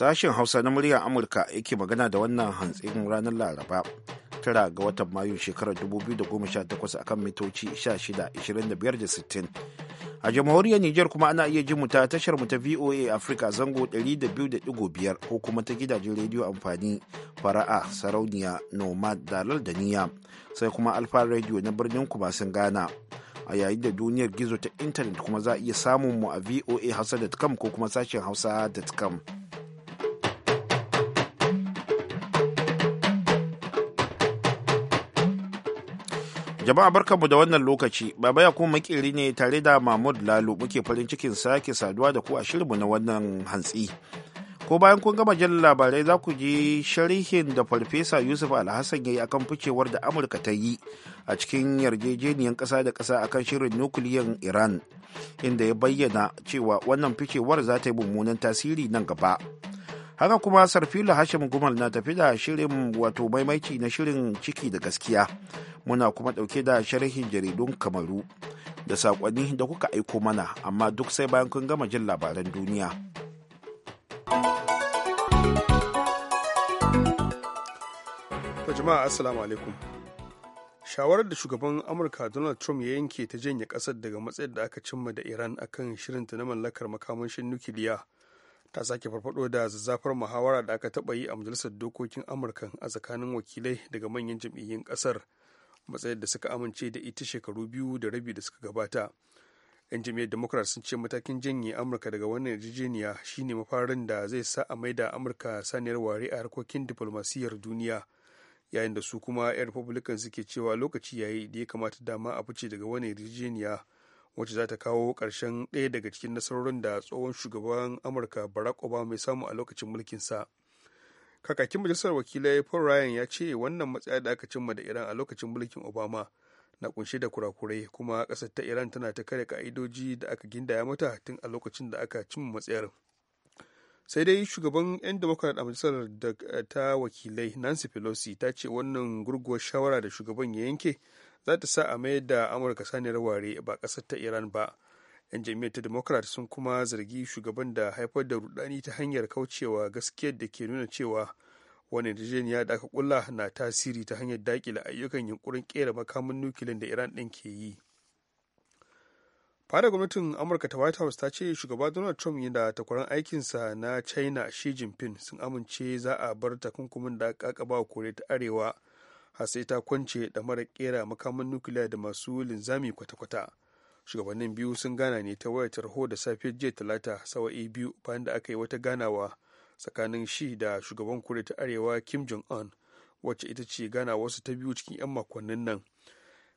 Sashen Hausa na muryar Amurka yake magana da wannan hantsin ranar Laraba. tara ga watan Mayu shekarar 2018 akan mitoci 16, 25 da sittin a jamhuriyar niger kuma ana iya jin mu ta tashar mu ta VOA Africa zango 200.5 ko kuma ta gidajen rediyo amfani fara'a sarauniya nomad dalar da niya sai kuma alfa radio na birnin kumasin Ghana a yayin da duniyar gizo ta intanet kuma za a iya samun mu a voa hausa.com ko kuma sashen hausa.com Jama'a mu da wannan lokaci, Baba ya kuma makiri ne tare da Mahmud lalu muke farin cikin sake saduwa da ku a shirinmu na wannan hantsi. Ko bayan kun gama jan labarai za ku ji sharihin da Farfesa Yusuf Alhassan ya yi akan ficewar da Amurka ta yi a cikin yarjejeniyar ƙasa da ƙasa akan shirin nukiliyan Iran, inda ya bayyana cewa wannan ficewar za ta yi mummunan tasiri nan gaba. haka kuma sarfila hashim gumal na tafi da shirin wato maimaki na shirin ciki da gaskiya muna kuma dauke da sharhin jaridun kamaru da sakonni da kuka aiko mana amma duk sai bayan kun gama jin labaran duniya jama'a assalamu alaikum shawarar da shugaban amurka donald trump ya yanke ta janye kasar daga matsayin da aka cimma da iran akan shirinta na mallakar makamashin nukiliya ta sake farfado da zazzafar muhawara da aka taba yi a majalisar dokokin amurka a tsakanin wakilai daga manyan jam'iyyun kasar matsayar da suka amince da ita shekaru biyu da rabi da suka gabata yan jam'iyyar democrat sun ce matakin janye amurka daga wannan yarjejeniya shine mafarin da zai sa a maida amurka saniyar ware a harkokin diflomasiyyar duniya yayin da su kuma 'yan republican suke cewa lokaci yayi da ya kamata dama a fice daga wannan yarjejeniya wacce za ta kawo ƙarshen ɗaya daga cikin nasarorin da tsohon shugaban amurka barack obama ya samu a lokacin mulkinsa kakakin majalisar wakilai paul ryan ya ce wannan matsaya da aka cimma da iran a lokacin mulkin obama na kunshe da kurakurai kuma ƙasar ta iran tana ta kare ka'idoji da aka gindaya mata tun a lokacin da aka cimma matsayar sai dai shugaban 'yan democrat a majalisar ta wakilai nancy pelosi ta ce wannan gurguwar shawara da shugaban ya yanke za ta sa a mayar da amurka saniyar ware ba kasar ta iran ba yan jami'ai ta democrat sun kuma zargi shugaban da haifar da rudani ta hanyar kaucewa gaskiyar da ke nuna cewa wani yarjejeniya da aka kulla na tasiri ta hanyar dakile ayyukan yunkurin kera makamin nukilin da iran ɗin ke yi fada gwamnatin amurka ta white house ta ce shugaba donald trump da takwaran aikinsa na china xi jinping sun amince za a bar takunkumin da kakaba kore ta arewa har sai ta kwance da mara kera makaman nukiliya da masu linzami kwata-kwata shugabannin biyu sun gana ne ta wayar tarho da safiyar jiya talata sawa'i biyu bayan da aka yi wata ganawa tsakanin shi da shugaban kure ta arewa kim jong un wacce ita ce gana wasu ta biyu cikin 'yan makonnin nan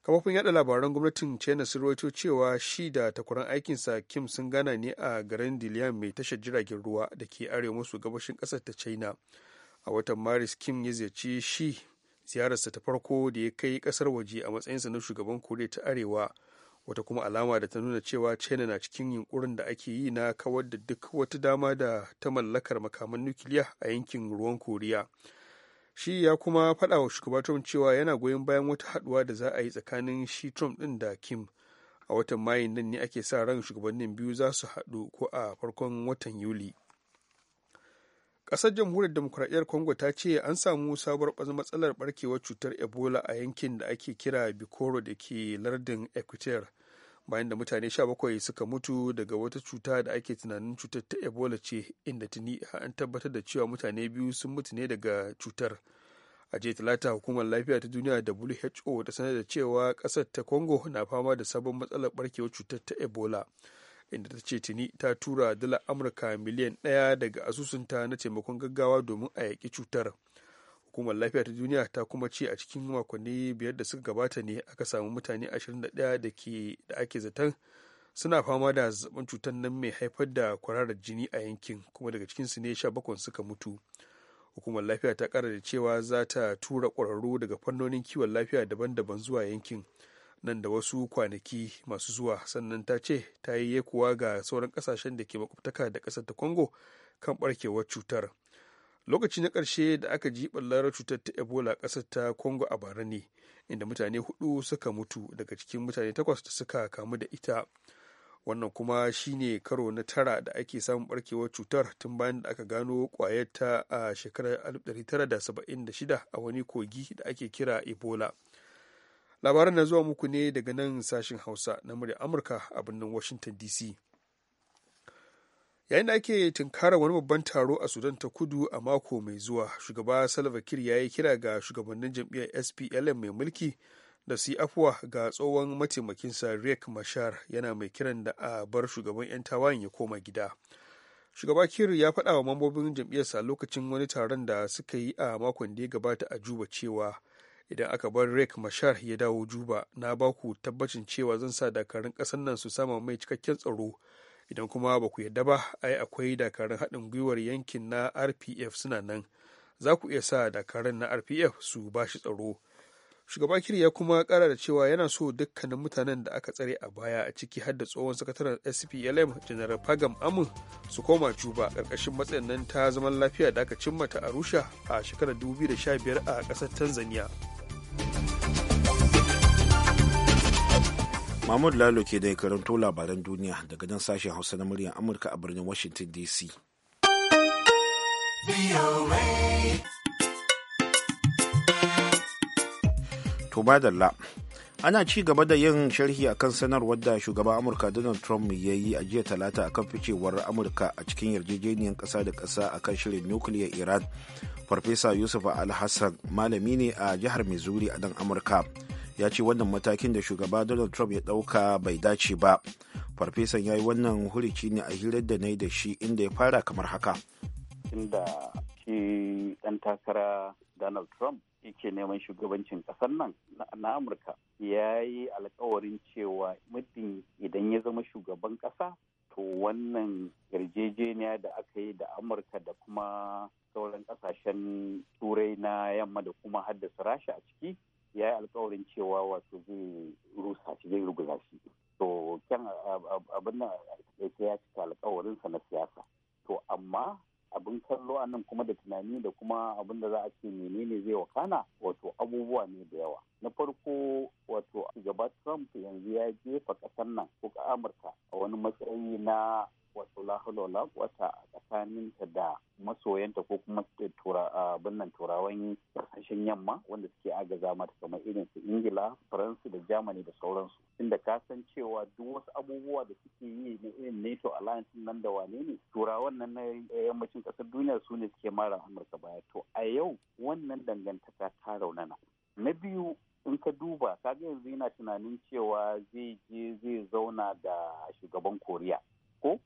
kafofin yada labaran gwamnatin china sun rawaito cewa shi da takwaran aikinsa kim sun gana ne a garin dilian mai tashar jiragen ruwa da ke arewa maso gabashin kasar ta china a watan maris kim ya ziyarci shi ziyararsa ta farko da ya kai kasar waje a matsayinsa na shugaban koriya ta arewa wata kuma alama da ta nuna cewa china na cikin yunkurin da ake yi na kawar da duk wata dama da ta mallakar makaman nukiliya a yankin ruwan koriya shi ya kuma faɗa wa shugaba trump cewa yana goyon bayan wata haɗuwa da za a yi tsakanin shi trump ɗin da kim a watan mayin nan ne ake sa ran shugabannin biyu za su haɗu ko a farkon watan yuli kasar jamhuriyar demokuraɗiyyar congo ta ce an samu sabuwar matsalar barkewar cutar ebola a yankin da ake kira bikoro da ke lardin equateur bayan da mutane 17 suka mutu daga wata cuta da ake tunanin cutar ta ebola ce inda tuni an tabbatar da cewa mutane biyu sun mutu ne daga cutar a jiya talata hukumar lafiya ta duniya who ta sanar da cewa kasar ta congo na fama da sabon matsalar barkewar cutar ta ebola inda ta ce tuni ta tura dala amurka miliyan ɗaya daga asusunta na taimakon gaggawa domin a yaƙi cutar hukumar lafiya ta duniya ta kuma ce a cikin makonni biyar da suka gabata ne aka samu mutane 21 da ake zaton suna fama da zazzabin cutar nan mai haifar da kwararar jini a yankin kuma daga cikin su ne 17 suka mutu hukumar lafiya ta kara da cewa za ta tura ƙwararru daga fannonin kiwon lafiya daban-daban zuwa yankin nan da wasu kwanaki masu zuwa sannan ta ce ta yi kuwa ga sauran kasashen da ke makwabtaka da ƙasar ta congo kan barkewar cutar lokaci na ƙarshe da aka ji ɓallar cutar ta ebola ƙasar ta congo a bara ne inda mutane hudu suka mutu daga cikin mutane takwas da suka kamu da ita wannan kuma shine karo na tara da ake samun barkewar cutar tun bayan da aka gano ta a shekarar 1976 a wani kogi da ake kira ebola labaran na zuwa muku ne daga nan sashen hausa na murya amurka a birnin washington dc yayin da ake tunkara wani babban taro a sudan ta kudu a mako mai zuwa shugaba salva kiir ya yi kira ga shugabannin jam'iyyar splm mai mulki da su yi afuwa ga tsohon mataimakinsa riek mashar yana mai kiran da a bar shugaban 'yan tawayen ya koma gida shugaba kir ya faɗa wa mambobin jam'iyyarsa lokacin wani taron da suka yi a makon da ya gabata a juba cewa idan aka bar rek mashar ya dawo juba na baku tabbacin cewa zan sa dakarun kasan nan su sama mai cikakken tsaro idan kuma ba ku yadda ba ai akwai dakarun haɗin gwiwar yankin na rpf suna nan za ku iya sa dakarun na rpf su ba shi tsaro shugaba kiri ya kuma kara da cewa yana so dukkanin mutanen da aka tsare a baya a ciki har da tsohon sakataren splm general pagam amun su koma juba karkashin matsayin nan ta zaman lafiya da aka cimmata a arusha a shekarar 2015 a ƙasar tanzania Mahmud Lalo ke da karanto labaran duniya daga nan sashen Hausa na muryar Amurka a birnin Washington DC. To la. ana ci gaba da yin sharhi akan sanarwar da shugaban amurka donald trump ya yi a jiya talata akan ficewar amurka a cikin yarjejeniyar ƙasa da ƙasa akan shirin nukiliyar iran farfesa yusuf alhassan malami ne a jihar missouri a nan amurka ya ce wannan matakin da shugaba donald trump ya ɗauka bai dace ba farfesan ya yi wannan hurici ne a hirar da na yi da shi inda ya fara kamar haka inda shi ɗan takara donald trump yake neman shugabancin ƙasar nan na amurka ya yi alkawarin cewa muddin idan ya zama shugaban ƙasa to wannan yarjejeniya da aka yi da amurka da kuma sauran ƙasashen turai na yamma da kuma haddasa rasha a ciki ya yi alkawarin cewa wato zai rusa shi zai ruguza shi to kyan abin da ya cika alkawarinsa na siyasa to amma abin kallo a nan kuma da tunani da kuma abin da za a ce menene zai wakana wato abubuwa ne da yawa na farko wato shugaba trump yanzu ya jefa kasar nan ko amurka a wani matsayi na wato lahalola wata a tsakaninta da masoyanta ko kuma abin nan turawan kasashen yamma wanda suke agaza mata kamar irin su ingila faransu da germany da sauransu inda ka san cewa duk wasu abubuwa da suke yi na irin nato alliance nan da wane ne turawan nan na yammacin kasar duniya su ne suke mara amurka baya to a yau wannan dangantaka ta raunana na biyu in ka duba kaga yanzu yana tunanin cewa zai je zai zauna da shugaban koriya ko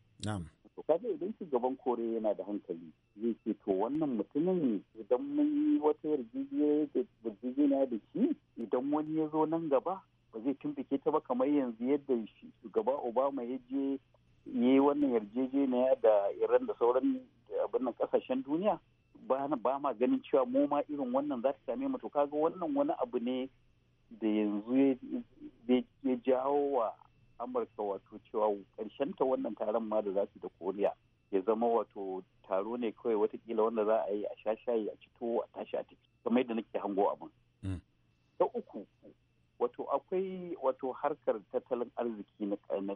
to kaga idan shugaban koriya yana da hankali zai ce to wannan mutumin idan mun yi wata yarjejeniya da shi idan wani ya zo nan gaba ba zai tumfike ta ba kamar yanzu yadda shugaba obama ya je ya yi wannan yarjejeniya da iran da sauran abin kasashen duniya ba ma ganin cewa mu ma irin wannan za ta same mu to kaga wannan wani abu ne da yanzu ya jawo wa amurka wato cewa karshen ta wannan taron ma da za su da koriya ya zama wato taro ne kawai watakila wanda za a yi a sha shayi a cito a tashi a tafi kamar yadda nake hango abin. Ta mm. uku wato akwai wato harkar tattalin arziki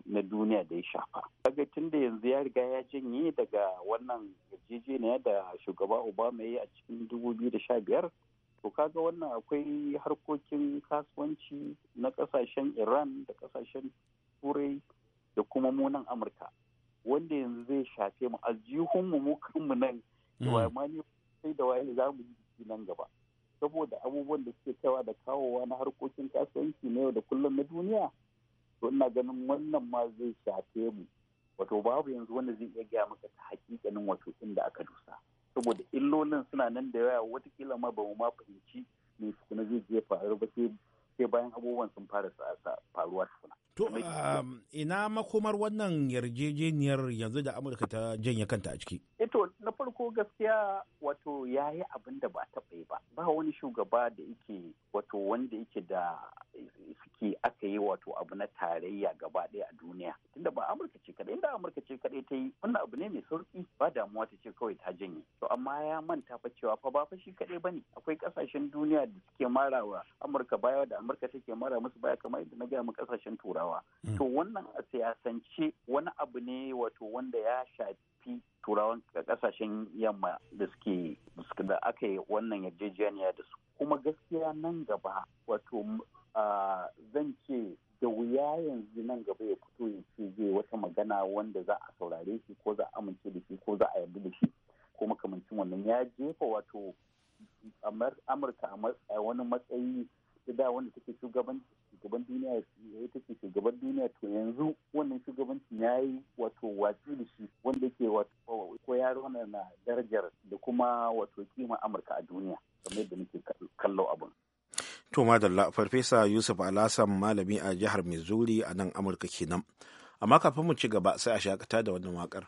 na duniya da ya shafa. Kaga tun da yanzu ya riga ya janye daga wannan yarjejeniya da shugaba Obama ya yi a cikin 2015 to kaga wannan akwai harkokin kasuwanci na kasashen iran da kasashen turai da kuma munan amurka wanda yanzu zai shafe mu aljihunmu mu kanmu nan da mm. ma ne sai da waye za mu yi nan gaba saboda abubuwan da suke kaiwa da kawowa na harkokin kasuwanci na yau da kullum na duniya to ina ganin wannan ma zai shafe mu wato babu yanzu wanda zai iya gaya maka ta hakikanin wato inda aka dusa saboda illolin suna nan da yawa watakila ma ba mu ma fahimci me tukuna zai je faru ba sai bayan abubuwan sun fara faruwa tukuna. To um, ina makomar wannan yarjejeniyar yanzu da Amurka ta janye kanta a ciki? Eto eh na farko gaskiya wato ya yi abin da ba taɓa yi ba. Ba wani shugaba da yake wato wanda yake da suke aka yi wato abu na tarayya gaba ɗaya a duniya. Tunda ba Amurka ce kaɗai, inda Amurka ce kaɗai ta yi wannan abu ne mai sauƙi ba damuwa ta ce kawai ta janye. To amma ya manta fa cewa fa ba fa shi kaɗai ba ne. Akwai ƙasashen duniya da suke marawa Amurka baya da Amurka take mara musu baya kamar yadda na gaya mu ƙasashen Turawa. turawa mm. to wannan a siyasance wani abu ne wato wanda ya shafi turawan kasashen yamma da suke da aka yi wannan yarjejeniya da su kuma gaskiya nan gaba wato zan ce da wuya yanzu nan gaba ya fito ya ce zai wata magana wanda za a saurare shi ko za a amince da shi ko za a yarda da shi ko makamancin wannan ya jefa wato amurka a wani matsayi da da wanda take shugabanci shugaban duniya ya take shugaban duniya to yanzu wannan shugabancin ya yi wato watsi da shi wanda ke wato ko ya na darajar da kuma wato kima amurka a duniya kamar yadda muke kallo abun. to madalla farfesa yusuf alasan malami a jihar missouri a nan amurka kenan amma kafin mu ci gaba sai a shakata da wannan wakar.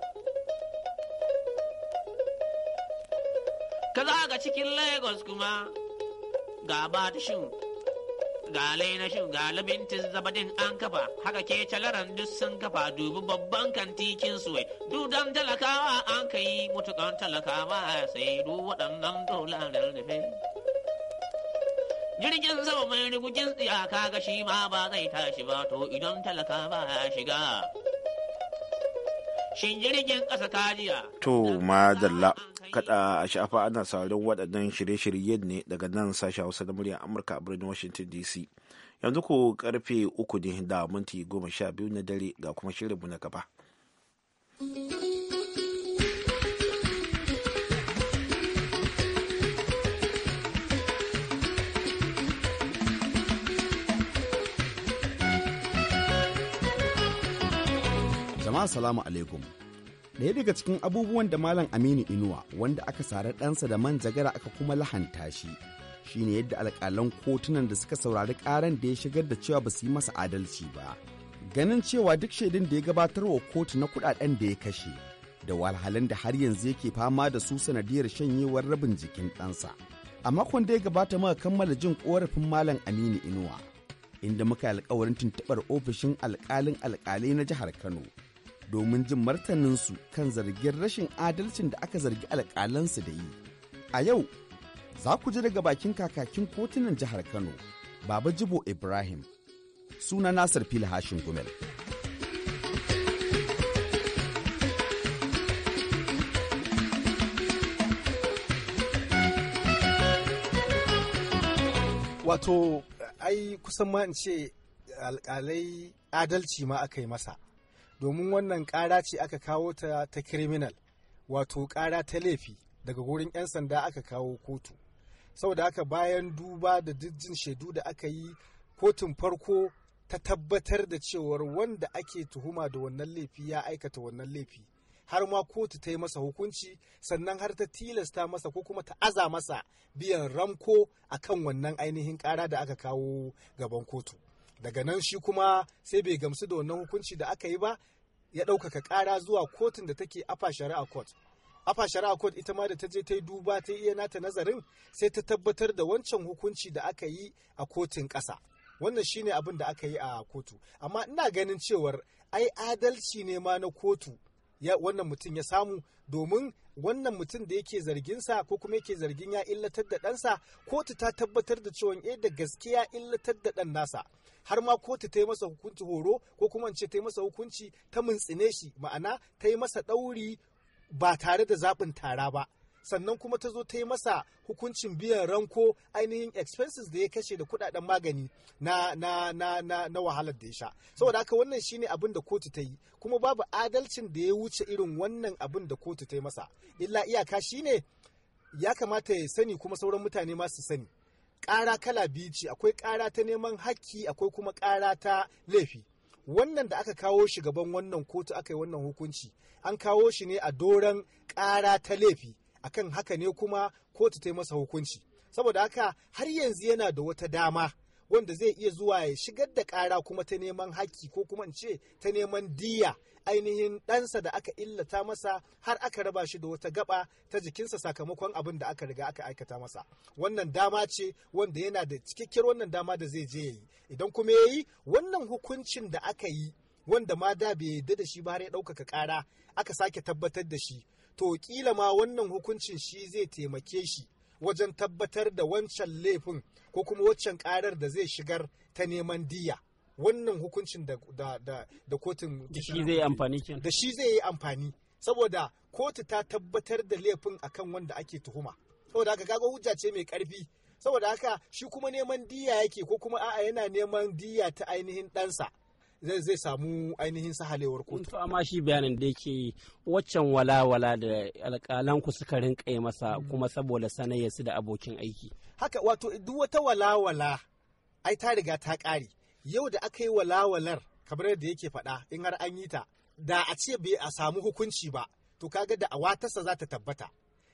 ka zaga cikin lagos kuma ga batishin ga lainashin ga labintin zabadin an kafa haka ke calaran duk sun kafa dubi babban kantikin suwai dudan talakawa an ka yi mutukan talakawa sai du waɗannan dolarar rufe. jirgin sama mai rigujin tsiyaka ga shi ma ba zai tashi ba to idan talakawa ya shiga Shin jirgin ƙasa ta jiya? To, madalla. Kada a shafa ana saurin waɗannan shirye shiryen ne daga nan sashen Hausa da muryar Amurka a birnin Washington DC. Yanzu ko karfe uku ne da minti goma sha biyu na dare ga kuma shirinmu na gaba. jama'a salamu alaikum ɗaya daga cikin abubuwan da malam aminu inuwa wanda aka sare ɗansa da manjagara aka kuma lahanta shi shine yadda alƙalan kotunan da suka saurari ƙaran da ya shigar da cewa ba su yi masa adalci ba ganin cewa duk shaidun da ya gabatar wa kotu na kuɗaɗen da ya kashe da wahalhalun da har yanzu yake fama da su sanadiyar shanyewar rabin jikin ɗansa a makon da ya gabata muka kammala jin ƙorafin malam aminu inuwa inda muka yi alƙawarin tuntuɓar ofishin alƙalin alƙalai na jihar kano domin jin martaninsu kan zargin rashin adalcin da aka zargi alƙalansu da yi. A yau, za ku ji daga bakin kakakin kotunan jihar Kano, Baba Jibo Ibrahim, suna Nasir Fil Hashin Gumel. Wato, ai kusan ma in ce alƙalai adalci ma aka yi masa. domin wannan ƙara ce aka kawo ta ta kriminal wato ƙara ta laifi daga wurin 'yan sanda aka kawo kotu saboda haka bayan duba da dijin shaidu da aka yi kotun farko ta tabbatar da cewar wanda ake tuhuma da wannan laifi ya aikata wannan laifi har ma kotu ta yi masa hukunci sannan har ta tilasta masa ko kuma ta aza masa biyan ramko akan wannan ainihin ƙara da aka kawo gaban kotu daga nan shi kuma sai bai gamsu da wannan hukunci da aka yi ba ya ɗaukaka ƙara zuwa kotun da take afa shari'a court afa shari'a court ita ma da ta je ta yi duba ta iya nata nazarin sai ta tabbatar da wancan hukunci da aka yi a kotun ƙasa wannan shine abin da aka yi a kotu amma ina ganin cewar ai adalci ne ma na kotu ya wannan mutum ya samu domin wannan mutum da yake zarginsa ko kuma yake zargin ya illatar da ɗansa kotu ta tabbatar da cewa eh da gaskiya illatar da ɗan nasa har ma kotu ta yi masa hukunci horo ko kuma in ce ta yi masa hukunci ta mintsine shi ma'ana ta yi masa ɗauri ba tare da zaɓin tara ba sannan kuma ta zo ta yi masa hukuncin biyan ranko ainihin expenses da ya kashe da kudaden magani na na na na, na wahalar da ya sha saboda haka wannan shine abin da kotu ta yi kuma babu adalcin da ya wuce irin wannan abin da kotu ta yi masa illa iyaka shine ya kamata ya sani kuma sauran mutane ma su sani ƙara kala biyu ce akwai ƙara ta neman haƙƙi, akwai kuma ƙara ta laifi wannan da aka kawo shi gaban wannan kotu aka yi wannan hukunci an kawo shi ne a doron ƙara ta laifi akan haka ne kuma kotu ta yi masa hukunci saboda haka har yanzu yana da wata dama wanda zai iya zuwa ya shigar da ƙara kuma ta neman haƙƙi ko kuma in ce ta neman diya ainihin ɗansa da aka illata masa har aka raba shi da wata gaba ta jikinsa sakamakon abin da aka riga aka aikata masa wannan dama ce wanda yana da cikakkiyar wannan dama da zai je yi idan kuma ya yi wannan hukuncin da aka yi wanda ma da bai yadda da shi ba har ya ɗaukaka ƙara aka sake tabbatar da shi to kila ma wannan hukuncin shi zai taimake shi wajen tabbatar da wancan laifin ko kuma waccan karar da zai shigar ta neman diya wannan hukuncin da kotun da shi zai yi amfani saboda kotu ta tabbatar da laifin akan wanda ake tuhuma saboda haka kaga hujja ce mai karfi saboda haka shi kuma neman diya yake ko kuma a'a yana neman diya ta ainihin ɗansa zai samu ainihin sahalewar kotu. To amma shi bayanin da yake waccan walawala da alƙalan ku suka rinƙa masa hmm. kuma saboda sanayya su da abokin aiki. Haka wato duk wata walawala ai ta riga ta ƙare yau da aka yi walawalar kamar yadda yake faɗa in har an yi ta da a ce bai a samu hukunci ba to kaga da awatarsa za ta tabbata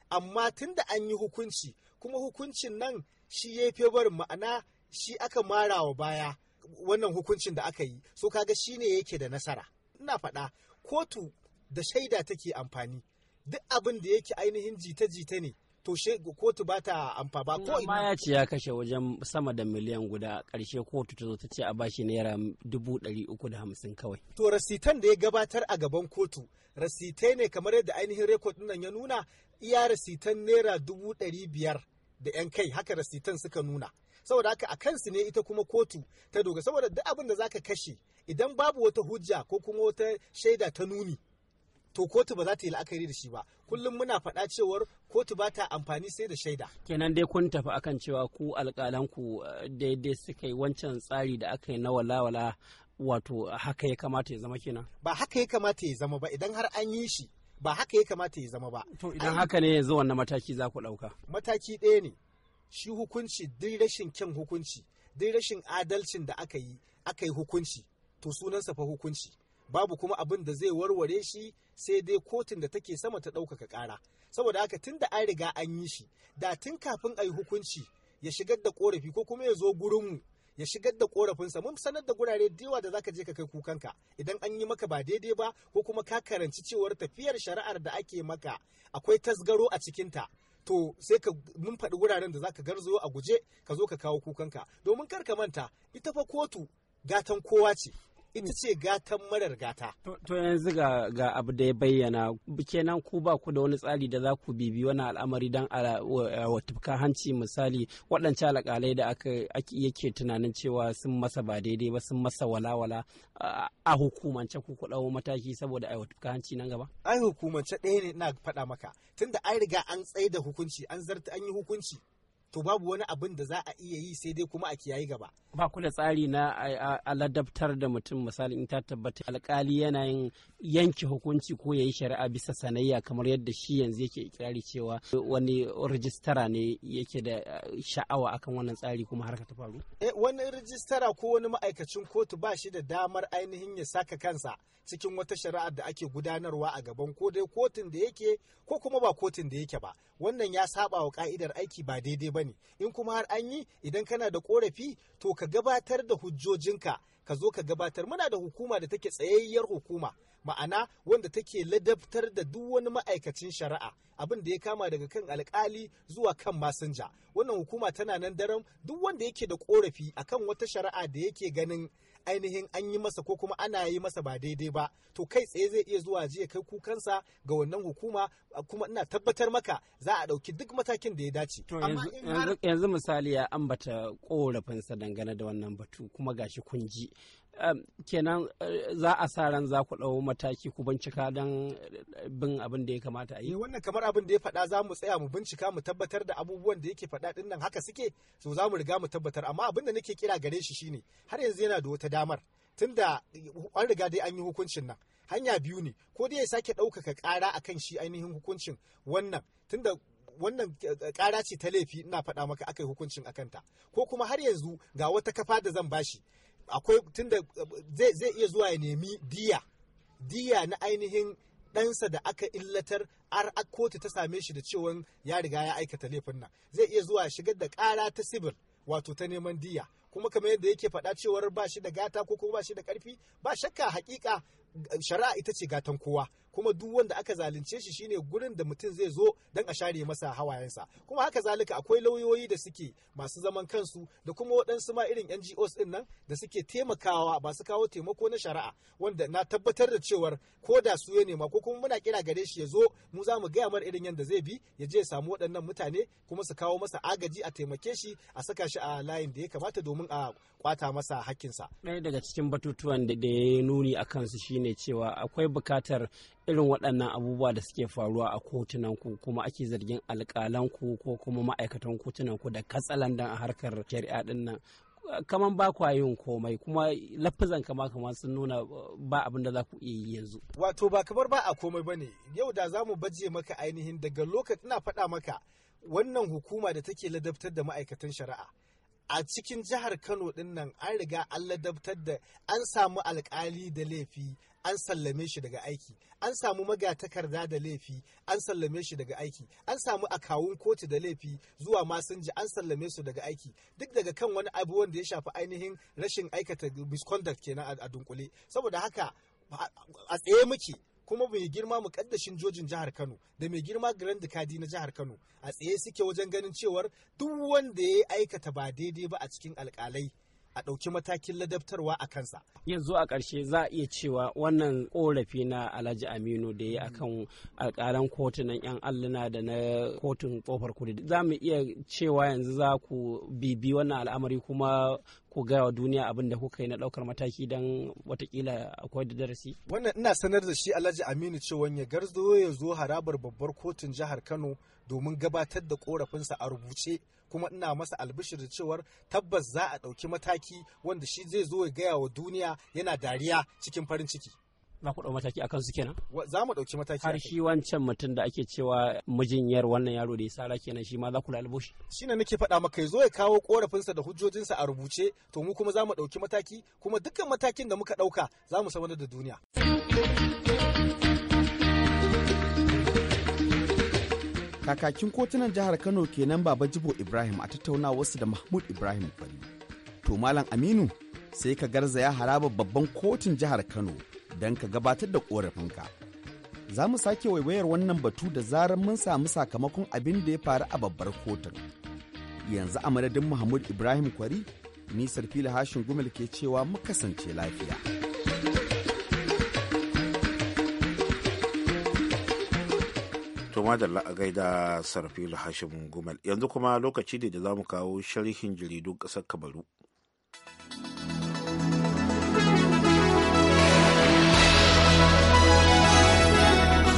amma tun da an yi hukunci kuma hukuncin nan shi ya fi barin ma'ana shi aka mara wa baya wannan hukuncin da aka yi so kaga shi ne yake da nasara ina faɗa kotu da shaida take amfani duk abin da yake ainihin jita-jita ne to kotu ba ta amfa ba ko ina ya ce ya kashe wajen sama da miliyan guda karshe kotu ta zo ta ce a bashi naira dubu ɗari uku da hamsin kawai to rasitan da ya gabatar a gaban kotu rasitai ne kamar yadda ainihin rekod nan ya nuna iya rasitan naira dubu ɗari biyar da yan kai haka rasitan suka nuna saboda haka a kansu ne ita kuma kotu ta doga saboda duk abin da zaka kashe idan babu wata hujja ko kuma wata shaida ta nuni to kotu ba za ta yi la'akari da shi ba kullum muna faɗa cewar kotu ba ta amfani sai da shaida kenan dai kun tafi akan cewa ku alƙalan ku eh, daidai suka yi wancan tsari da aka yi na walawala wato haka ya kamata ya zama kenan ba haka ya kamata ya zama ba idan har an yi shi ba haka ya kamata ya zama ba to idan haka ne yanzu wannan mataki za ku ɗauka mataki ɗaya ne shi hukunci duk rashin kyan hukunci duk rashin adalcin da aka yi aka yi hukunci to sunansa fa hukunci babu kuma abin da zai warware shi sai dai kotun da take sama ta ɗaukaka ƙara saboda haka tun da an riga an yi shi da tun kafin a yi hukunci ya shigar da korafi ko kuma ya zo gurinmu ya shigar da korafinsa mun sanar da gurare da yawa da zaka je ka kai kukanka idan an yi maka ba daidai ba ko kuma ka karanci cewar tafiyar shari'ar da ake maka akwai tasgaro a cikinta to sai ka mun faɗi wuraren da zaka garzayo a guje ka zo ka kawo kukanka domin kar ka manta ita fa kotu gatan kowa ce ita hmm. ce gatan marar gata. To yanzu ga abu da ya bayyana kenan ku ba ku da wani tsari da za ku bibi wani al'amari don a tufka hanci misali waɗancan alƙalai da yake tunanin cewa sun masa ba daidai ba sun masa walawala a hukumance ku ɗau mataki saboda ai tufka hanci nan gaba. Ai hukumance ɗaya ne na faɗa maka tunda an riga an tsaye da hukunci an zarta an yi hukunci to babu wani abin da za a iya yi sai dai kuma a kiyayi gaba ba ku da tsari na aladabtar da mutum misali in ta tabbata alkali yana yin yanke hukunci ko ya yi shari'a bisa sanayya kamar yadda shi yanzu yake ikirari cewa wani rijistara ne yake da sha'awa akan wannan tsari kuma harka ta faru eh wani rijistara ko wani ma'aikacin kotu ba shi da damar ainihin ya saka kansa cikin wata shari'ar da ake gudanarwa a gaban ko dai kotun da yake ko kuma ba kotun da yake ba wannan ya saba wa ka'idar aiki ba daidai ba ne in kuma har an yi idan kana da korafi to ka gabatar da hujjojinka ka zo ka gabatar muna da hukuma da take tsayayyar hukuma ma'ana wanda take ladabtar da duk wani ma'aikacin shari'a abin da ya kama daga kan alkali zuwa kan masinja wannan hukuma tana nan daren duk wanda yake da korafi akan wata shari'a da yake ganin ainihin an yi masa ko kuma ana yi masa ba daidai ba to kai tsaye zai iya zuwa jiya kai kukansa ga wannan hukuma kuma ina tabbatar maka za a ɗauki duk matakin da ya dace. to yanzu misali ya ambata korafinsa dangane da wannan batu kuma gashi kun ji kenan eh, za a sa ran za ku ɗau mataki ku bincika don eh, bin abin da ya kamata a yi. Eh, wannan kamar abin da ya faɗa za mu tsaya mu bincika mu tabbatar da abubuwan da yake faɗa ɗin nan haka suke so za mu riga mu tabbatar amma abin da nake kira gare shi shine har yanzu yana da wata damar tunda an riga dai an yi hukuncin nan hanya biyu ne ko dai ya sake ɗaukaka ƙara akan shi ainihin hukuncin wannan tunda wannan ƙara ce ta laifi ina faɗa maka aka yi hukuncin a ko kuma har yanzu ga wata kafa da zan bashi akwai tunda zai zai iya zuwa ya nemi diya diya na ainihin ɗansa da aka illatar har kotu ta same shi da cewa ya riga ya aikata laifin nan zai iya zuwa shigar da ƙara ta sibil wato ta neman diya kuma kamar yadda yake faɗa cewar ba shi da gata ko kuma ba shi da ƙarfi ba shakka hakika shari'a ita ce gatan kowa kuma duk wanda aka zalunce shi shine gurin da mutum zai zo don a share masa hawayensa kuma haka zalika akwai lauyoyi da suke masu zaman kansu da kuma waɗansu ma irin NGOs din nan da suke taimakawa ba su kawo taimako na shari'a wanda na tabbatar da cewar ko da su ya nema ko kuma muna kira gare shi ya zo mu za mu gaya mar irin yadda zai bi ya je ya samu waɗannan mutane kuma su kawo masa agaji a taimake shi a saka shi a layin da ya kamata domin a kwata masa hakkinsa. Ɗaya daga cikin batutuwan da ya nuni a kansu shine cewa akwai bukatar irin waɗannan abubuwa da suke faruwa a kotunanku kuma ake zargin alƙalanku ko kuma ma'aikatan kotunanku da katsalandan a harkar shari'a ɗin nan kamar ba kwa yin komai kuma lafizan kama kama sun nuna uh, ba abin da za ku iya yi yanzu. Wato ba kamar ba a komai ba ne yau da za mu baje maka ainihin daga lokacin ina faɗa maka wannan hukuma da take ladabtar da ma'aikatan shari'a. A cikin jihar Kano ɗin nan an riga an ladabtar da an samu alkali da laifi an sallame shi daga aiki an samu magatakarda da laifi an sallame shi daga aiki an samu akawun kotu da laifi zuwa masinji an sallame su daga aiki duk daga kan wani abu wanda ya shafi ainihin rashin aikata misconduct kenan a dunkule saboda haka a tsaye muke kuma mai girma mu kaddashin jojin jihar Kano da mai girma Grand Kadi na jihar Kano a tsaye suke wajen ganin cewar duk wanda ya aikata ba daidai ba a cikin alkalai a ɗauki matakin ladabtarwa a kansa. Yanzu a ƙarshe za a iya cewa wannan ƙorafi na Alhaji Aminu da ya akan alƙalan kotunan 'yan alluna da na kotun tsofar kudu. Za mu iya cewa yanzu za ku bibi wannan al'amari kuma ku gaya wa duniya abin da kuka yi na ɗaukar mataki don watakila akwai da darasi. Wannan ina sanar da shi Alhaji Aminu cewa ya garzo ya zo harabar babbar kotun jihar Kano domin gabatar da ƙorafinsa a rubuce kuma ina masa albishir da cewar tabbas za a ɗauki mataki wanda shi zai zo ya gaya wa duniya yana dariya cikin farin ciki. Za ku ɗau mataki a kansu kenan? Za mu ɗauki mataki. Har shi wancan mutum da ake cewa mijinyar wannan yaro da ya sara kenan shi ma za ku lalubo shi. Shi ne nake faɗa maka ya zo ya kawo ƙorafinsa da hujjojinsa a rubuce to mu kuma za mu ɗauki mataki kuma dukkan matakin da muka ɗauka za mu samar da duniya. kakakin kotunan jihar kano kenan baba jibo ibrahim a tattauna wasu da mahmud ibrahim kwari to malam aminu sai ka garzaya haraba babban kotun jihar kano don ka gabatar da korafinka za mu sake waiwayar wannan batu da zarar mun samu sakamakon abin da ya faru a babbar kotun yanzu a madadin mahmud ibrahim kwari nisar fili hashin gumel ke cewa mu kasance lafiya. madalla a gaida sarfilu hashim gumal yanzu kuma lokaci ne da za mu kawo sharhin jaridun ƙasar kabaru.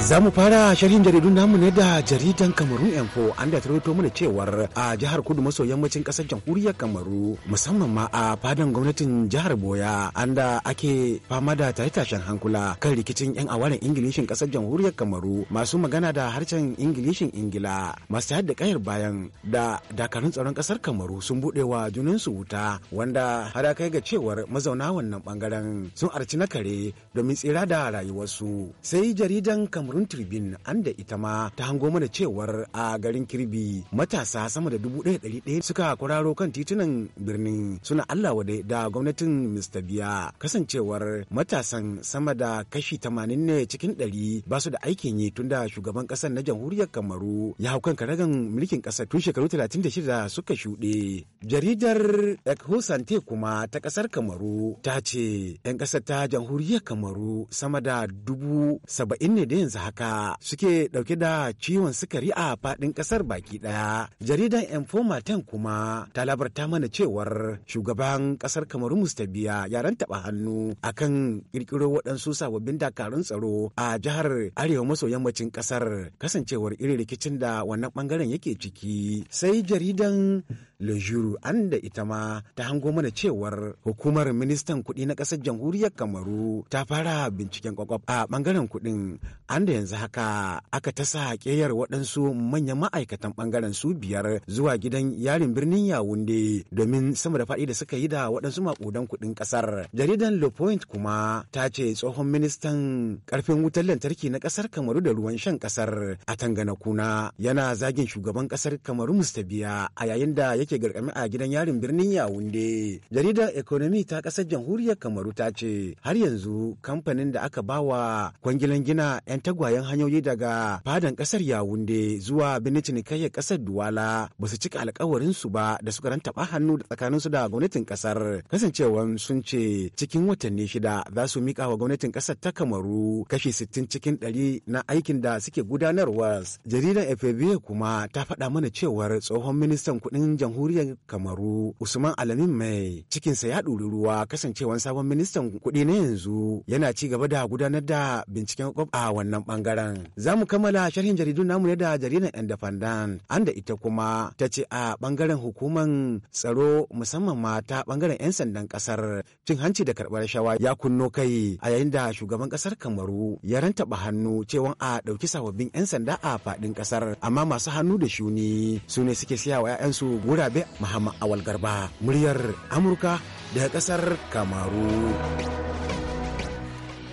Za mu fara shirin jaridun namu ne da jaridan Kamarun Info an da tarwato mana cewar a jihar Kudu maso yammacin kasar jamhuriyar Kamaru musamman ma a fadan gwamnatin jihar Boya an da ake fama da tashen hankula kan rikicin 'yan awaren Ingilishin kasar jamhuriyar Kamaru masu magana da harshen Ingilishin Ingila masu da kayar bayan da dakarun tsaron kasar Kamaru sun buɗe wa junansu wuta wanda har kai ga cewar mazauna wannan bangaren sun arci na kare domin tsira da rayuwarsu sai jaridan Kamaru jaridun tribin an da ita ma ta hango mana cewar a garin kirbi matasa sama da dubu ɗaya ɗari ɗaya suka kwararo kan titunan birnin suna allah wade da gwamnatin mr biya kasancewar matasan sama da kashi tamanin ne cikin ɗari ba su da aikin yi tunda shugaban ƙasar na jamhuriyar kamaru ya hau kan karagan mulkin ƙasar tun shekaru talatin da shida suka shuɗe jaridar ekosante kuma ta ƙasar kamaru ta ce 'yan ƙasar ta jamhuriyar kamaru sama da dubu saba'in ne da yanzu haka suke dauke da ciwon sukari a fadin kasar baki daya jaridan informa ten kuma ta labarta mana cewar shugaban kasar kamaru mustabiya yaren taba hannu akan kirkiro waɗansu sababbin dakarun tsaro a jihar arewa maso yammacin kasar kasancewar irin rikicin da wannan bangaren yake ciki sai jaridan Le Jour an da ita ma ta hango mana cewar hukumar ministan kuɗi na ƙasar jamhuriyar Kamaru ta fara binciken kwakwaf a bangaren kuɗin an da yanzu haka aka ta sa ƙeyar waɗansu manyan ma'aikatan ɓangaren su biyar zuwa gidan yarin birnin Yawunde domin sama da faɗi da suka yi da waɗansu maƙudan kuɗin ƙasar. Jaridan Le Point kuma ta ce tsohon ministan ƙarfin wutar lantarki na ƙasar Kamaru da ruwan shan ƙasar a Tangana Kuna yana zagin shugaban ƙasar Kamaru Mustabiya a yayin da yake gargami a gidan yarin birnin Yawunde. Jaridar Economy ta ƙasar jamhuriyar Kamaru ta ce har yanzu kamfanin da aka bawa kwangilan gina 'yan tagwayen hanyoyi daga fadan kasar Yawunde zuwa birnin cinikayya kasar Duwala ba su cika alkawarin su ba da suka taba hannu da tsakanin su da gwamnatin kasar kasancewar sun ce cikin watanni shida za su mika wa gwamnatin kasar ta Kamaru kashi sittin cikin ɗari na aikin da suke gudanarwa. Jaridar FAB kuma ta faɗa mana cewar tsohon ministan kuɗin jamhuriyar Kamaru Usman Alamin Mai cikinsa ya ɗuri ruwa kasancewar sabon ministan kuɗi na yanzu yana ci gaba da gudanar da binciken a wannan bangaren za mu kammala sharhin jaridun namu da jaridar independent an da ita kuma ta ce a bangaren hukuman tsaro musamman ma ta bangaren 'yan sandan kasar cin hanci da karɓar shawa ya kunno kai a yayin da shugaban kasar kamaru ya ranta ba hannu cewa a ɗauki sababbin 'yan sanda a faɗin kasar amma masu hannu da shuni su ne suke siya wa 'ya'yansu gurabe muhammad awal garba muryar amurka daga kasar kamaru.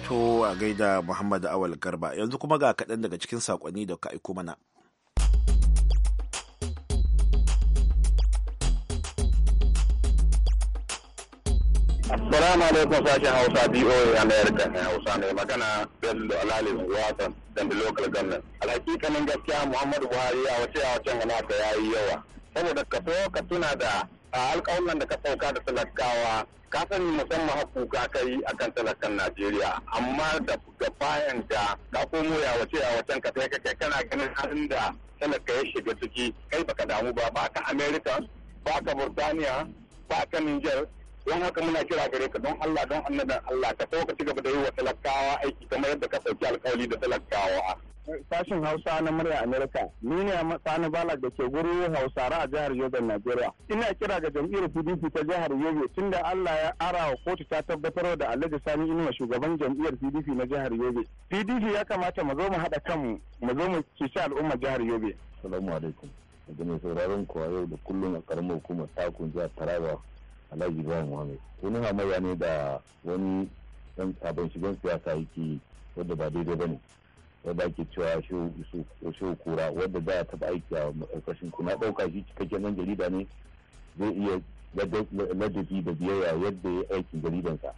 To a gaida Muhammad Awal Garba yanzu kuma ga kaɗan daga cikin saƙonni da ka aiko mana. Assalamu alaikum sashen Hausa BOA America ne Hausa ne magana Bello Alali Watan dan local government. Alhakikanin gaskiya Muhammadu Buhari a wace a wacen gana ta yayi yawa. Saboda ka so ka tuna da alƙawuran da ka sauka da talakawa ka sani musamman haku ka kai kan talakan najeriya amma da bayan da ka komo ya wace ya wacan ka kai kake kana ganin halin da talaka ya shiga ciki kai baka damu ba ba ka america ba ka burtaniya ba ka niger don haka muna kira gare ka don Allah don annabin Allah ka so ka ci gaba da yi wa talakawa aiki kamar yadda ka sauki alkali da talakawa sashen hausa na murya amerika ni ne sani balak da ke guri hausa a jihar yobe najeriya ina kira ga jam'iyyar pdp ta jihar yobe tunda allah ya ara wa kotu ta tabbatar da alhaji sani inuwa shugaban jam'iyyar pdp na jihar yobe pdp ya kamata mu zo mu haɗa kanmu mu zo mu kishi al'ummar jihar yobe salamu alaikum Da mai sauraron kuwa da kullum a karamar hukumar takun jihar taraba alhaji ibrahim muhammed wani hamayya ne da wani dan sabon shigan siyasa yake wadda ba daidai bane wadda ake cewa shehu kura wadda za a taɓa aiki a ƙarƙashin kuna ɗauka shi cikakken nan jarida ne zai iya ladabi da biyayya yadda ya aikin jaridansa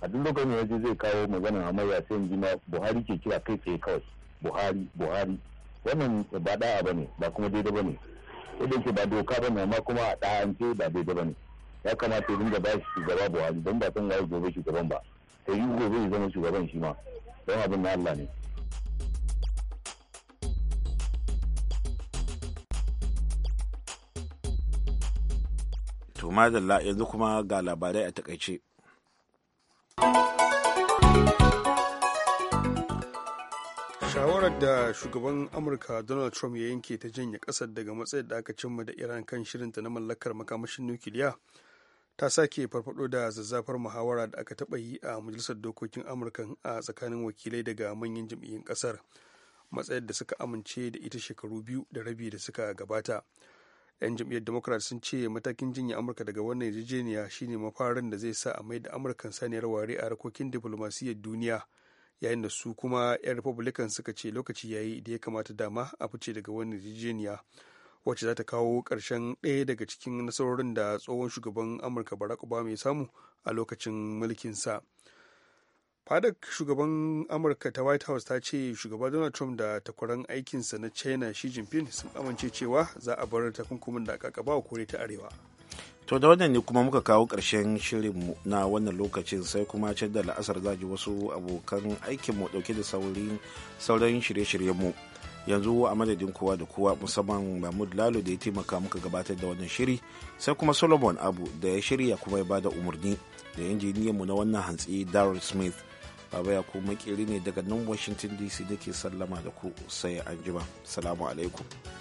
a duk lokacin da zai kawo a hamayya sai yanzu ma buhari ke kira kai tsaye kawai buhari buhari wannan ba da'a bane ba kuma daidai bane Idan ke ba doka bane amma kuma a da'ance ba daidai bane ya kamata ya dinga ba shi shugaba buhari don ba san waye gobe shugaban ba ta yi gobe ya zama shugaban shi ma don abin na allah ne to madalla yanzu kuma ga labarai a takaice shawarar da shugaban amurka donald trump ya yanke ta janye kasar daga matsayin da aka cimma da iran kan shirinta na mallakar makamashin nukiliya ta sake farfado da zazzafar muhawara da aka taba yi a majalisar dokokin amurka a tsakanin wakilai daga manyan jam'iyyun kasar matsayar da suka amince da ita shekaru biyu da rabi da suka gabata 'yan jam'iyyar democrat sun ce matakin jinya amurka daga wannan yarjejeniya shine mafarin da zai sa a mai da amurkan saniyar ware a harkokin diplomasiyyar duniya yayin da su kuma 'yan republican suka ce lokaci yayi da ya kamata dama a fice daga wannan yarjejeniya wacce za ta kawo ƙarshen ɗaya daga cikin nasarorin da tsohon shugaban amurka barack obama ya samu a lokacin mulkinsa fadar shugaban amurka ta white house ta ce shugaban donald trump da takwaran aikinsa na china shi jinping sun amince cewa za a bar takunkumin da aka ba kore ta arewa to da wannan ne kuma muka kawo ƙarshen shirin na wannan lokacin sai kuma can da la'asar zaji wasu abokan aikinmu dauke da sauran shirye-shiryenmu yanzu a madadin kowa da kowa musamman mahmud lalo da ya taimaka muka gabatar da wannan shiri sai kuma solomon abu da ya shirya kuma ya bada umarni da injiniyan mu na wannan hantsi daryl smith baba ya maƙeri makeri ne daga nan washington dc da ke sallama da ku sai an jima salamu alaikum